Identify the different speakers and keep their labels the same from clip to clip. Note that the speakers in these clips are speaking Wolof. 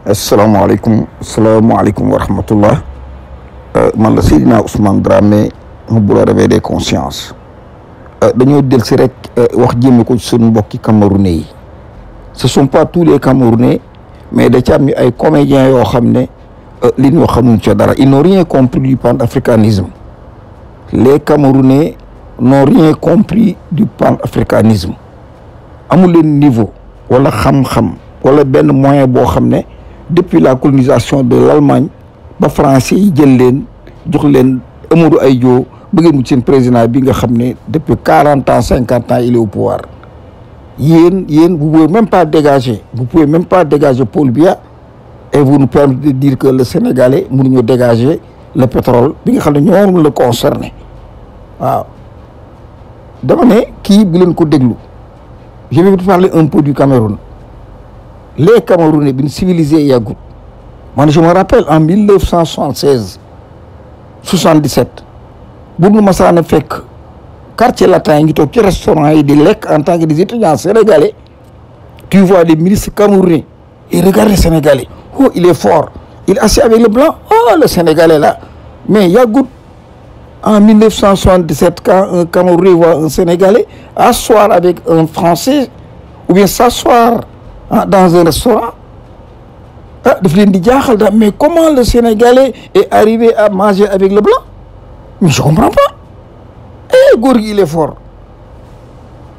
Speaker 1: Assalamu alaikum, assalamu alaikum wa rahmatullah eh, man la Ousmane Dramé mu bu la réveillé conscience eh, dañoo del si rek eh, wax jëme ko camerounais Ce ne sont pas tous les camerounais mais da ci am ay comédiens qui ont ne li ñu ils n'ont rien compris du pan-africanisme les camerounais n'ont rien compris du pan-africanisme panafricanisme À leen niveau wala xam-xam wala benn moyen boo xam depuis la colonisation de l'Allemagne ba français ont jël le jox Amadou président depuis 40 ans 50 ans il est au pouvoir Vous ne vous pouvez même pas dégager vous pouvez même pas dégager Paul Biya et vous nous permettez de dire que le Sénégalais pas dégager le pétrole bi nga nous ne ñoom la concerné waaw je vais vous parler un peu du Cameroun les Camerounais sont civilisés, yagout. Moi, je me rappelle en 1976 77 quand quartier latin ngi toog ci restaurant et di en tant que des étudiants sénégalais tu vois des ministres camerounais et regarde les sénégalais oh il est fort il est assis avec le blanc oh le sénégalais là mais Yagout, en 1977 quand un camerounais voit un sénégalais asseoir avec un français ou bien s'asseoir ah, dans un restaurant. Ah, mais comment le Sénégalais est arrivé à manger avec le blanc je ne comprends pas. Eh, Gourgui, il est fort.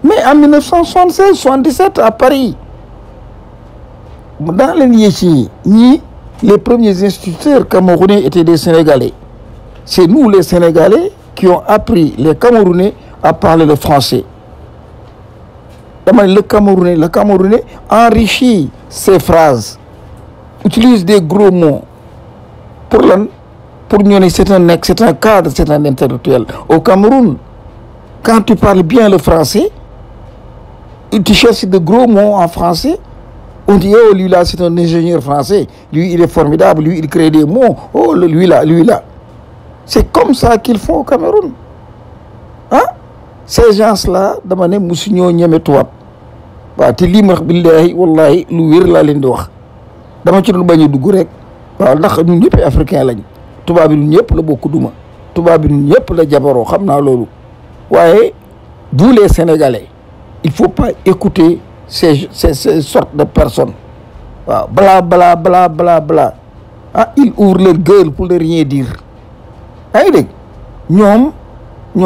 Speaker 1: Mais en 1976-77, à Paris, dans les Niéchi, les premiers instituteurs camerounais étaient des Sénégalais. C'est nous, les Sénégalais, qui avons appris les Camerounais à parler le français le Camerounais le enrichit ses phrases utilise des gros mots pour nous pour c'est un cadre c'est un intellectuel au Cameroun quand tu parles bien le français tu cherches de gros mots en français on dit oh lui là c'est un ingénieur français lui il est formidable lui il crée des mots oh lui là lui là c'est comme ça qu'ils font au Cameroun Hein ces gens là dama ne sont pas les tubaab waaw te billahi wallahi lu wér je ils di dama ci doon bañ ne rek les ndax Ils ñëpp africain vous les sénégalais il faut pas écouter ces ces sortes de personnes bla bla bla bla bla ah ils ouvrent leur gueule pour ne rien dire ay pas les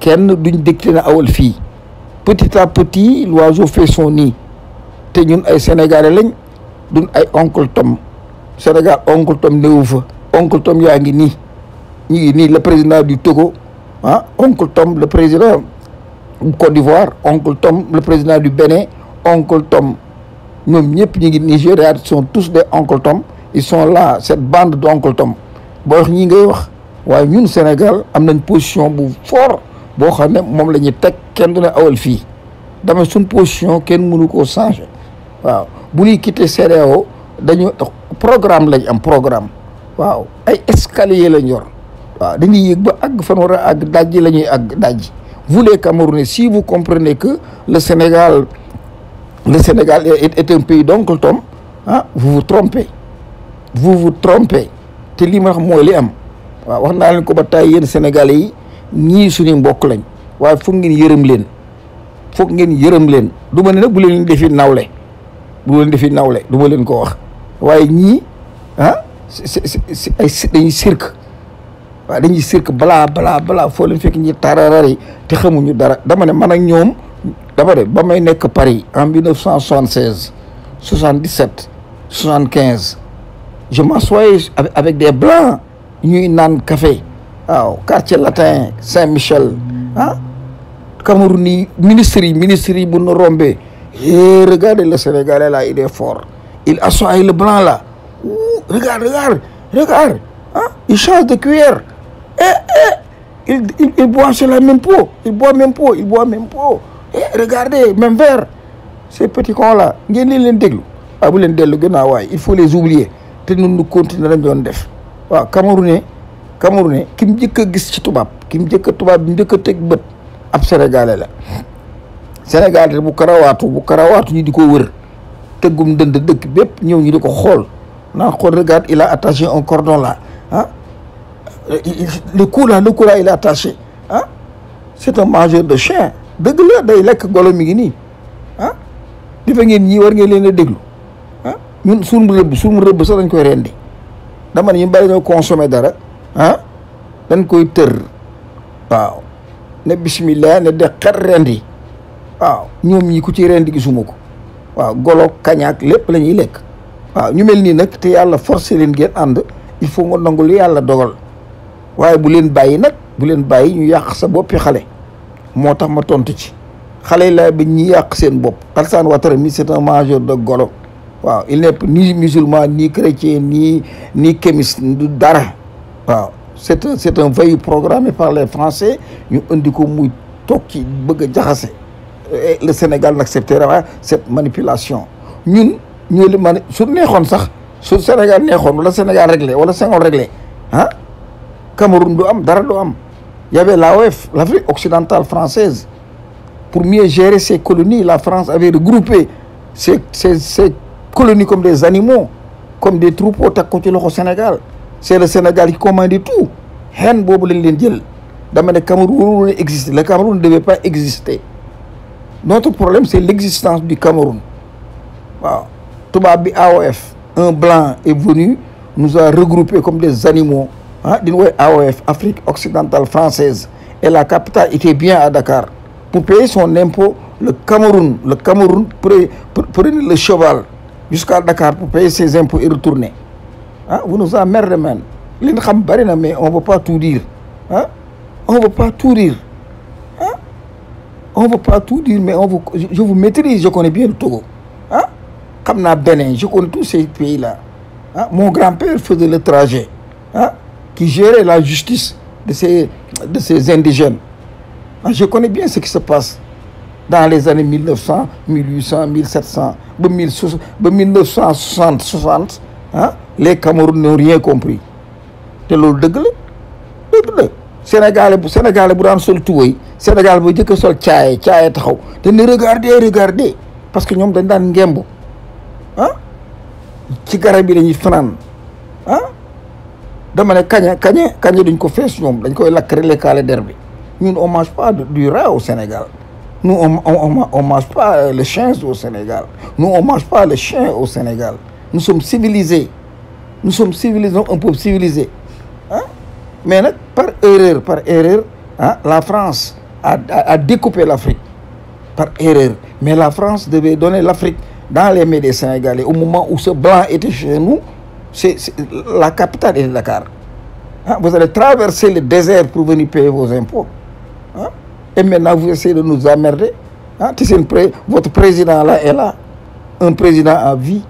Speaker 1: kenn duñ dicté na awal petit à petit l'oiseau fait son nid Nous ñun ay sénégalais nous duñ ay oncle Tom Sénégal oncle Tom néewu oncle Tom est ni ni ni le président du Togo ah oncle Tom le président du Côte d'Ivoire oncle Tom le président du Bénin oncle Tom Nous, sommes ñu ngi sont tous des oncle Tom ils sont là cette bande d'oncle Tom Nous sommes ñi ngay wax waaye ñun Sénégal position forte boo xam ne moom la ñuy du ne awal fii dama suñ position kenn mënu koo changer waaw bu ñuy quitter CEDEAO dañu programme lañ am programme waaw ay escalier la ñor waaw dañuy yegg ba ag fa war a àgg dajji la ñuy dajji vous les Camerounais si vous comprenez que le Sénégal le Sénégal est, est un pays d'oncle Tom ah vous vous trompez vous vous trompez té li ma wax moy li am waaw wax na leen ko ba tay yéen Sénégalais yi ñii suñu mbokk lañ waaye foog ngeen yërëm leen foog ngeen yërëm leen du ma bu leen defi nawle bu leen defi nawle duma leen ko wax waaye ñii ah dañuy cirque waaw dañuy cirque balaa balaa balaa foo leen fekk ñi tararari te xamuñu dara dama ne man ak ñoom dama de ba may nekk Paris en 1976 77 75 je m'assoyais avec des blancs ñuy naan café Ah, quartier latin Saint-Michel Camerouni ah, Camerouni ministère ministère eh, regardez le Sénégalais là il est fort il assoit le blanc là regarde regarde regarde ah, il change de cuillère eh eh il, il, boit sur la même peau il boit même peau il boit même peau eh regardez même verre ces petits cons là ils sont déglu ah bu len déglu il faut les oublier te nous, nous continuer lañ doon def Camerounais camerounais ki kim njëkk gis ci tubab kim mu tubab bi njëkk tek teg ab sénégalais la sénégalais bu karawatu bu karawatu ñi diko wër tëggum dënd dëkk bépp ñëw ñu di ko xool naa regarde il a attaché un cordon là ah le coup là le coup là il a attaché ah c'est un mangeur de chien deug la day lek golo mi ngi ni ah difa ngeen ñi war ngeen leen a hein ah ñun suñu rëbb suñu rëbb sa dañ koy rendi dama ne ñu bari ñoo consommer dara ah dañ koy tër waaw ne bismillah ne de xar yi waaw ñoom ñi ko ci rendi gisuma ko waaw golo kañaak lépp lañuy lekk waaw ñu mel nii nag te yàlla forcé leen ngeen ànd il faut nga nangu li yàlla dogal waaye bu leen bàyyi nag bu leen bàyyi ñu yàq sa boppi xale moo tax ma tontu ci xale yi laa ba ñi yàq seen bopp Alassane Ouattara mi c'est un major de golo waaw il n'est ni musulman nii chrétien ni ni du dara c'est un c'est un veille programmé par les Français ñu le Sénégal n'acceptera pas cette manipulation nous, nous le mani sur neexoon sax le Sénégal le le Sénégal réglé wala Sénégal réglé le ah, Cameroun am dara y avait l'AOF l'Afrique occidentale française pour mieux gérer ses colonies la France avait regroupé ses colonies comme des animaux comme des troupeaux au ko ci Sénégal c'est le Sénégal qui commande tout Hen Cameroun le Cameroun ne devait pas exister notre problème c'est l'existence du Cameroun waaw AOF un blanc est venu nous a regroupés comme des animaux ah AOF Afrique occidentale française et la capitale était bien à Dakar pour payer son impôt le Cameroun le Cameroun prenait le cheval jusqu'à Dakar pour payer ses impôts et retourner Hein? vous nous emmerdez même. li ne on veut pas tout dire On hein? on veut pas tout dire On hein? on veut pas tout dire mais je vous maîtrise je connais bien le Togo je connais tous ces pays là mon grand-père faisait le trajet qui gérait la justice de ces de ces indigènes je connais bien ce qui se passe dans les années 1900 1800 1700 1960 60 les Camerounais n'ont rien compris te loolu dëgg la dëgg la Sénégalais bu Sénégalais bu daan sol tuwéy Sénégal bu jëkk sol caaye caaye taxaw te ne regardez regardez parce que ñoom dañ daan ngemb ah ci garab yi dañuy fanaan ah dama ne kaña kaña kaña duñ ko fees ñoom dañ koy lakk les lekkaale der bi ñun on mange pas du rat au Sénégal nous on mange pas euh, le chien au Sénégal nous on mange pas le chien au Sénégal nous sommes civilisés nous sommes civilisés, un peuple civilisé. Hein? Mais par erreur, par erreur, hein, la France a, découpé l'Afrique. Par erreur. Mais la France devait donner l'Afrique dans les médecins des Au moment où ce blanc était chez nous, c'est la capitale est Dakar. Hein? Vous allez traverser le désert pour venir payer vos impôts. Et maintenant, vous essayez de nous emmerder. votre président là est là. Un président à vie.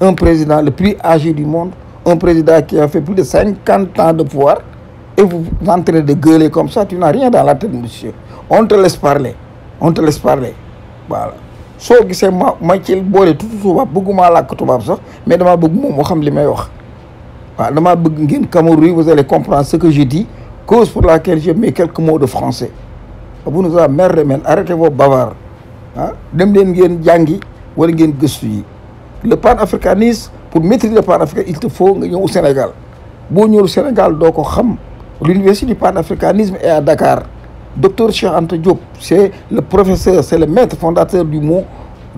Speaker 1: Un président le plus âgé du monde un président qui a fait plus de 50 ans de pouvoir et vous entrez de gueuler comme ça, tu n'as rien dans la tête, monsieur. On te laisse parler. On te laisse parler. Voilà. c'est moi, ma ma tout tout tuuti beaucoup bëgguma làkk tubaab sax mais damaa bëgg mais dans xam li may wax waaw damaa bëgg ngeen Cameroun yi vous allez comprendre ce que je dis cause pour laquelle je mets quelques mots de français vous nous avez mer arrêtez vos bavards ah dem leen ngeen jàngi wala ngeen yi le pour maîtriser le panafricain il te faut nga au Sénégal Bonjour, au Sénégal ko l'université du panafricanisme est à Dakar docteur Cheikh Anta Diop c'est le professeur c'est le maître fondateur du mot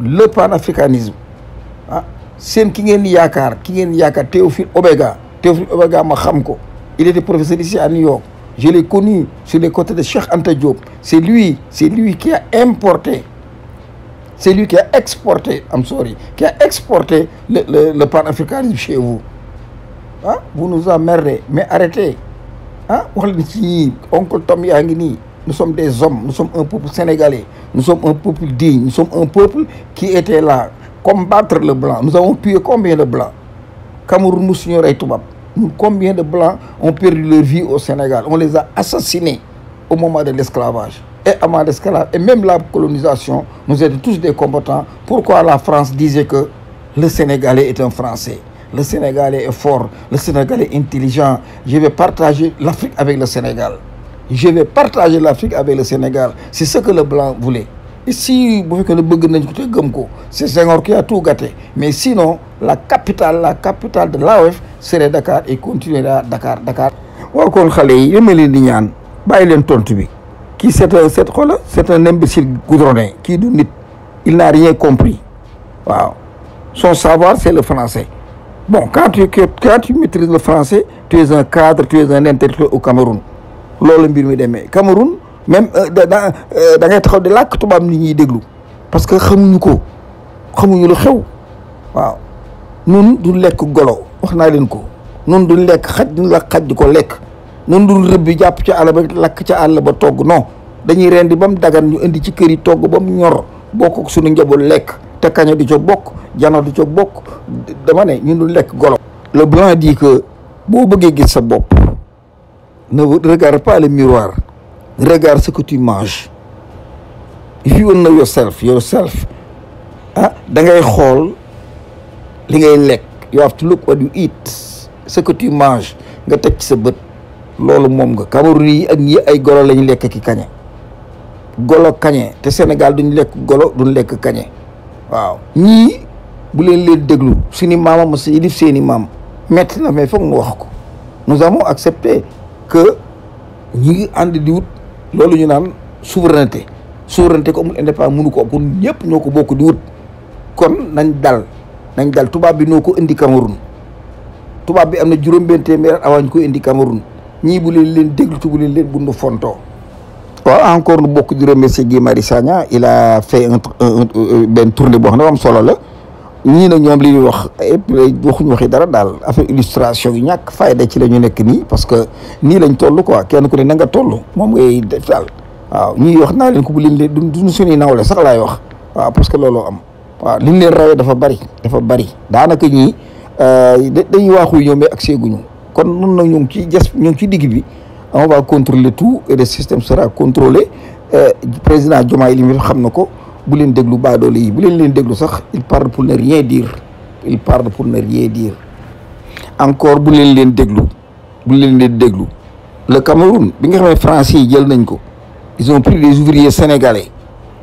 Speaker 1: le panafricanisme C'est ah, ki Yakar, qui Théophile Obega Théophile Obega ma il était professeur ici à New York je l'ai connu sur les côtés de Cheikh Ante Diop c'est lui c'est lui qui a importé c'est lui qui a exporté, I'm sorry, qui a exporté le, le, panafricanisme chez vous. Hein? Vous nous emmerdez, mais arrêtez. Hein? Oncle Tom Yangini, nous sommes des hommes, nous sommes un peuple sénégalais, nous sommes un peuple digne, nous sommes un peuple qui était là, combattre le blanc. Nous avons tué combien de blancs Combien de blancs ont perdu leur vie au Sénégal On les a assassinés au moment de l'esclavage et et même la colonisation, nous étions tous des combattants. Pourquoi la France disait que le Sénégalais est un Français Le Sénégalais est fort, le Sénégalais est intelligent. Je vais partager l'Afrique avec le Sénégal. Je vais partager l'Afrique avec le Sénégal. C'est ce que le blanc voulait. Ici, c'est Seigneur qui a tout gâté. Mais sinon, la capitale, la capitale de l'AOF serait Dakar et continuera Dakar, Dakar. Qui c'est euh, cette c'est c'est un imbécile goudronné qui du nit il n'a rien compris waaw son savoir c'est le français bon quand tu quand tu maîtrises le français tu es un cadre tu es un intellectuel au Cameroun loolu mbir mi demee Cameroun même euh, dans euh, da ngay taxaw di tu vas nit ñuy déglu parce que xamuñu ko xamuñu lu xew waaw nun du lekk golo wax naa ko nun du lekk ko nan dul rëbbi jàpp ca àll ba lakk ca àll ba togg non dañuy rendi ba mu dagan ñu indi ci kër yi togg ba mu ñor bokk suñu njaboot lekk te kaña di co bokk jana di ca bokk dama ne ñun du lekk golo le blanc dit boo bëggee gis sa bopp ne regarde pas le miroir regarde ce que tu manges view na yourself ah da xool li ngay lekk you have to look what you eat ce que nga teg ci sa bët loolu moom nga Cameroun yi ak ñi ay golo lañu lekk ki kañe golo kañe te Sénégal duñ lekk golo duñ lekk kañe waaw ñii bu leen leen déglu suñu maama ma si def seeni maam metti na mais foog nu wax ko nous avons accepté que ñi ngi ànd di wut loolu ñu naan souveraineté souveraineté ko amul indépendance mënu ko kon ñëpp ñoo ko bokk di wut kon nañ dal nañ dal tubaab bi noo ko indi Cameroun tubaab bi am na juróom-benn téeméer avant ñu ko indi Cameroun ñii bu leen leen déglu ci bu leen leen bundu fontoo waaw encore nu bokk di remercier Guy Marius Sagna il a fait un euh, benn tournée boo xam ne am solo la ñii nag ñoom li wax yëpp eh, waxuñu waxi dara daal affaire illustration yu ñàkk fayda ci la ñu nekk nii parce que nii lañ toll quoi kenn ku ne na nga toll moom ngay def daal wax naa leen ko bu leen leen duñ suñuy nawle sax laay wax parce que looloo am waaw liñ leen rawee dafa bari dafa bari daanaka ñii euh, dañuy waaxuy ñoom mais ak seeguñu Quand nun nag ñu ngi ci jas ñu ngi ci digg bi on va contrôler tout et le système sera contrôlé euh, président Diomaye li mu xam na ko bu leen déglu baadoole yi bu leen leen déglu sax il parle pour ne rien dire il parle pour ne rien dire encore bu leen leen déglu bu leen leen déglu le Cameroun bi nga xam ne français yi jël nañ ko ils ont pris des ouvriers sénégalais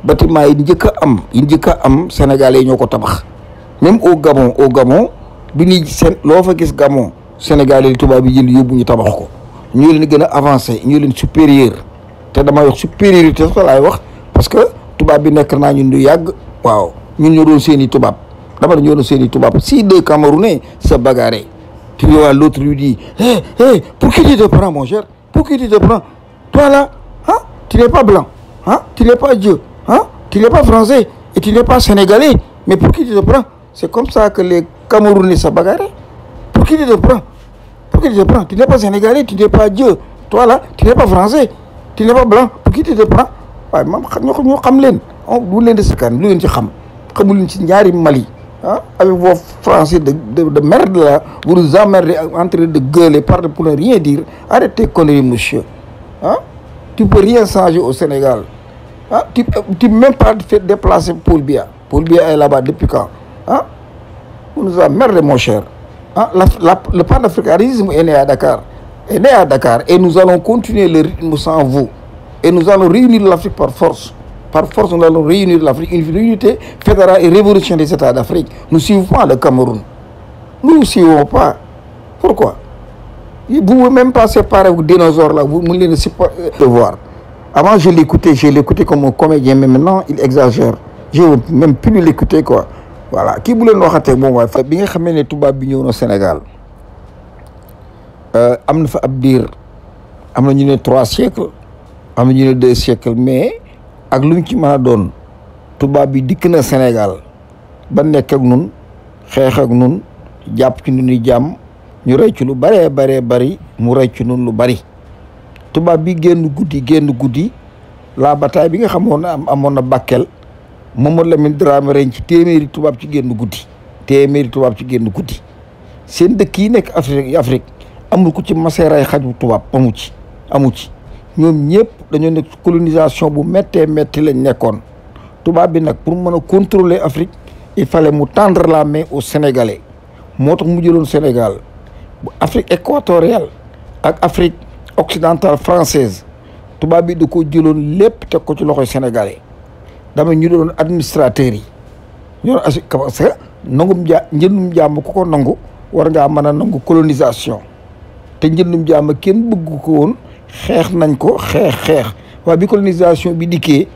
Speaker 1: bâtiment yi njëkk a am yi njëkk a am sénégalais ñoo ko tabax même au Gabon au Gabon bi ñuy seen loo fa gis Gabon Sénégalais, yi tubaab yi jënd yóbbu ñu tabax ko ñoo leen gën a avancé ñoo leen supérieur te dama wax supériorité sax la wax parce que tubaab bi nekk naa ñun du yàgg waaw ñun ñoo doon seen dama ne ñoo doon seen si deux Camerounais se bagarrent tu vois l'autre lui dit hey eh, eh, hey pour qui tu te prends mon cher pour qui tu te prends toi là hein? tu n'es pas blanc hein? tu n'es pas Dieu hein? tu n'es pas français et tu n'es pas sénégalais mais pour qui tu te prends c'est comme ça que les Camerounais se bagarrent qui tu te prends Pour qui tu te prends Tu n'es pas sénégalais, tu n'es pas Dieu. Toi là, tu n'es pas français, tu n'es pas blanc. Pour qui tu te prends ah maman ñoo nous xam leen lu oh, leen di sakkan lu ci xam nous, leen ci Mali ah avec vos français de de merde là vous nous emmerdez en train de gueuler parler pour ne rien dire arrêtez conneries monsieur ah tu peux rien changer au Sénégal ah tu tu même pas fait déplacer Paul Pour Paul bien est là-bas depuis quand ah vous nous emmerdez mon cher ah, la, le panafricanisme est né à Dakar. Est né à Dakar et nous allons continuer le rythme sans vous. Et nous allons réunir l'Afrique par force. Par force, nous allons réunir l'Afrique. Une unité fédérale et révolutionnaire des États d'Afrique. Nous ne suivons pas le Cameroun. Nous ne suivons pas. Pourquoi Vous ne pouvez même pas séparer vos dinosaures là. Vous ne pouvez pas le euh, voir. Avant, je l'écoutais. Je l'écoutais comme un comédien. Mais maintenant, il exagère. Je ne veux même plus l'écouter quoi. voilà kii bu leen waxatee moom waaye fa bi nga xamee ne tubaab bi ñëw na Sénégal euh, am na fa ab biir am na ñu ne trois siècles am na ñu ne deux siècles mais ak lu mu ci mën doon tubaab bi dikk na Sénégal ba nekk nun xeex ak nun jàpp ci nun i jàmm ñu rey lu bare baree bari mu rey ci nun lu bari tubaab bi génn guddi génn guddi laa bataay bi nga xamoon am amoon na Bakel Mamadou Lamine Dramé ren ci téméri tubaab ci génn goudi téméri tubaab ci génn goudi sen dekk yi nek Afrique Afrique amul ku ci maseeraay xaju tubaab amu ci amu ci ñom ñepp dañu nek colonisation bu metté metti lañ nekkoon tubaab bi nak pour mën contrôler Afrique il fallait mu tendre la main au Sénégalais moo mu jëloon Sénégal bu Afrique équatoriale ak Afrique occidentale française tubaab bi du ko jëloon lépp teg ko ci loxoy Sénégalais. dama ñu doon administrateur yi ñoo assu parce que nangum jaa njëndum jàmm ku ko nangu war ngaa mën a nangu colonisation te njëndum jàmm kenn bëgg ko woon xeex nañ ko xeex xeex waaye bi colonisation bi dikkee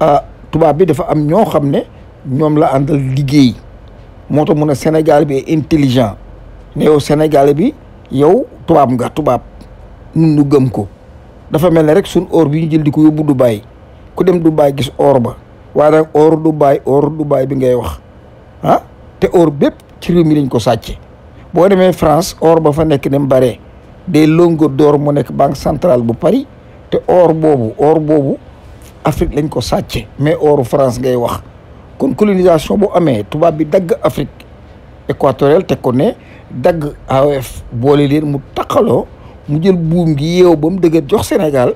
Speaker 1: ah tubaab bi dafa am ñoo xam ne ñoom la àndal liggéey moo tax mun a Sénégal bi intelligent ne yow Sénégal bi yow tubaab nga tubaab nun nu gëm ko dafa mel ne rek sun or bi ñu jël di ko yóbbu Dubaï ku dem Dubaay gis or ba waa nag or Dubaay or Dubaay bi ngay wax ah te or bépp ci réew mi lañ ko sàcce boo demee France or ba fa nekk dem bare des lingots door mu nekk banque centrale bu Paris te or boobu or boobu Afrique lañ ko sàcce mais oru France ngay wax kon colonisation bu amee tubaab bi dagg Afrique équatoriale te ko ne dagg AOF boole leen mu taqaloo mu jël buum gi yeew ba mu dëgër jox Sénégal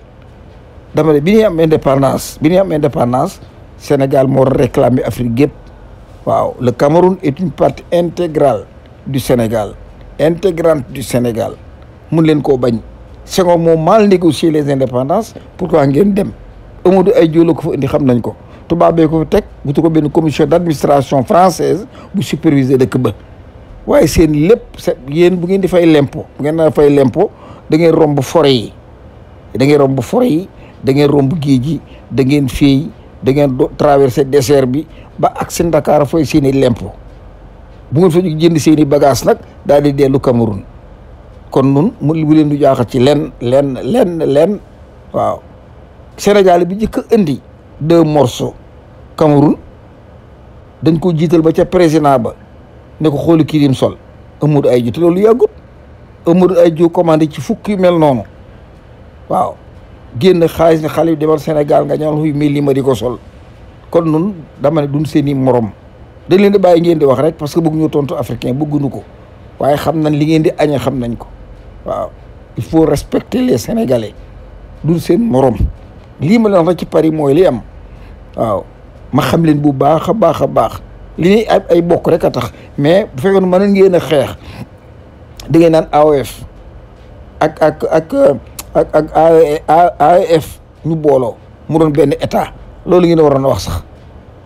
Speaker 1: dama ne bi ñuy am indépendance bi ñuy am indépendance Sénégal moo réclamé Afrique gépp waaw le Cameroun est une partie intégrale du Sénégal intégrante du Sénégal mun leen koo bañ Senghor moo mal négocié les indépendances pourquoi ngeen dem Amadou ay joola ko fa indi xam nañ ko tubaab bee ko fi teg butu ko benn commission d'administration française bu superviser dëkk ba waaye seen lépp se yéen bu ngeen di fay lempo bu ngeen na fay lempo da ngeen romb forêt yi da ngeen romb forêt yi da ngeen romb géej gi da ngeen féey da ngeen traversé désert bi ba ak si Dakar fooy seen i bu ngeen fa jënd seeni bagaas nag daal di dellu Cameroun kon nun mu leen du jaaxal ci lenn lenn lenn lenn waaw Sénégal bi njëkk a indi deux morceaux Cameroun dañ ko jiital ba ca président ba ne ko kii kirim sol Amadou Ahidjo te loolu yàggut ay Ahidjo commandé ci fukki mel noonu waaw génn xaalis ni xalif demal Sénégal nga ñaan huy mil li ma di ko sol kon nun dama ne duñ seeni morom dañ leen di bàyyi ngeen di wax rek parce que bëgg ñu tontu africain bëgguñu ko waaye xam nañ li ngeen di añee xam nañ ko waaw il faut respecter les sénégalais duñ seen morom lii ma leen wax ci Paris mooy li am waaw ma xam leen bu baax a baax a baax li ñuy ay ay bokk rek a tax mais bu fekkoon mën ngeen a xeex da ngeen naan AOF ak ak ak. Euh, ak ak AEF ñu booloo mu doon benn état loolu ngeen waroon a wax sax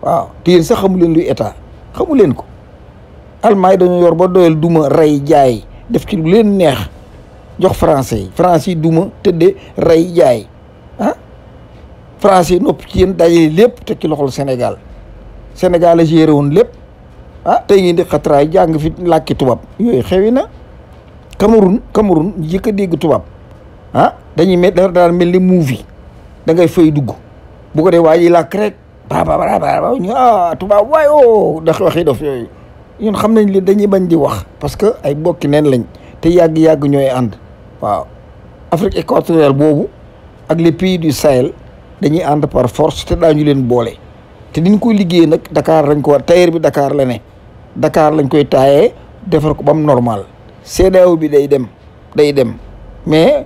Speaker 1: waaw te yéen sax xamu leen luy état xamu leen ko allemand yi dañoo yor ba doyal duma rey jaay def ci lu leen neex jox français yi français yi duma tëddee rey jaay ah français yi nopp ci yéen dajale lépp teg ci loxol Sénégal Sénégal a géré woon lépp ah tey ngeen di xatraay jàng fi làkki tubaab yooyu xewi na Cameroun Cameroun jëkk a dégg tubaab ah dañuy met dafa daan mel ni movie da ngay fay dugg bu ko dee waa ji rek ah tubaab waay o oh, ndax waxi dof yooyu ñun xam nañ li dañuy bañ di wax parce que ay bokki neen lañ te yàgg-yàgg ñooy ànd waaw Afrique équatoriale boobu ak les pays du Sahel dañuy ànd par force te daañu leen boole te diñ koy liggéeye nag Dakar lañ ko war tailleur bi Dakar ne Dakar lañ koy taayee defar ko ba mu normal CEDEAO bi day dem day dem mais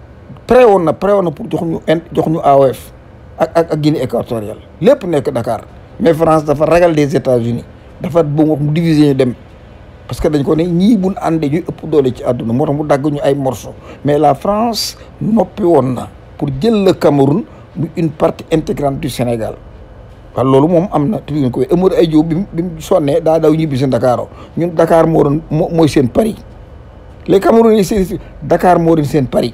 Speaker 1: pré woon na pré woon na pour jox ñu ind jox ñu AOF ak ak ak lépp nekk Dakar mais France dafa ragal les États-Unis dafa bu mu diviser ñu dem parce que dañ ko ne ñii buñ àndee ëpp doole ci àdduna moo tax mu dagg ñu ay morso mais la France noppi woon na pour jël le Cameroun mu une partie intégrante du Sénégal waaw loolu moom am na te ko Amadou ay Diop bi mu sonnee daa daw ñibbi seen Dakar ñun Dakar moo mooy seen Paris les Camerounais seen Dakar moo seen Paris.